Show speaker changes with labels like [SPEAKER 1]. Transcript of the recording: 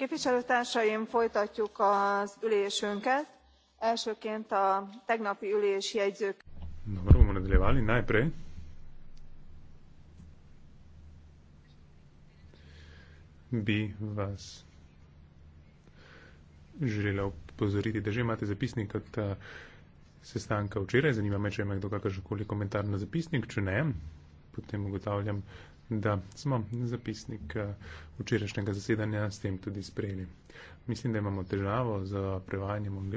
[SPEAKER 1] képviselőtársaim folytatjuk az ülésünket elsőként a tegnapi ülés jegyzők.
[SPEAKER 2] bi vas želela opozoriti, da že imate zapisnik od eh, sestanka včeraj. Zanima me, če imate kakršen koli komentar na zapisnik. Če ne, potem ugotavljam, da smo zapisnik eh, včerajšnjega zasedanja s tem tudi sprejeli. Mislim, da imamo težavo z prevajanjem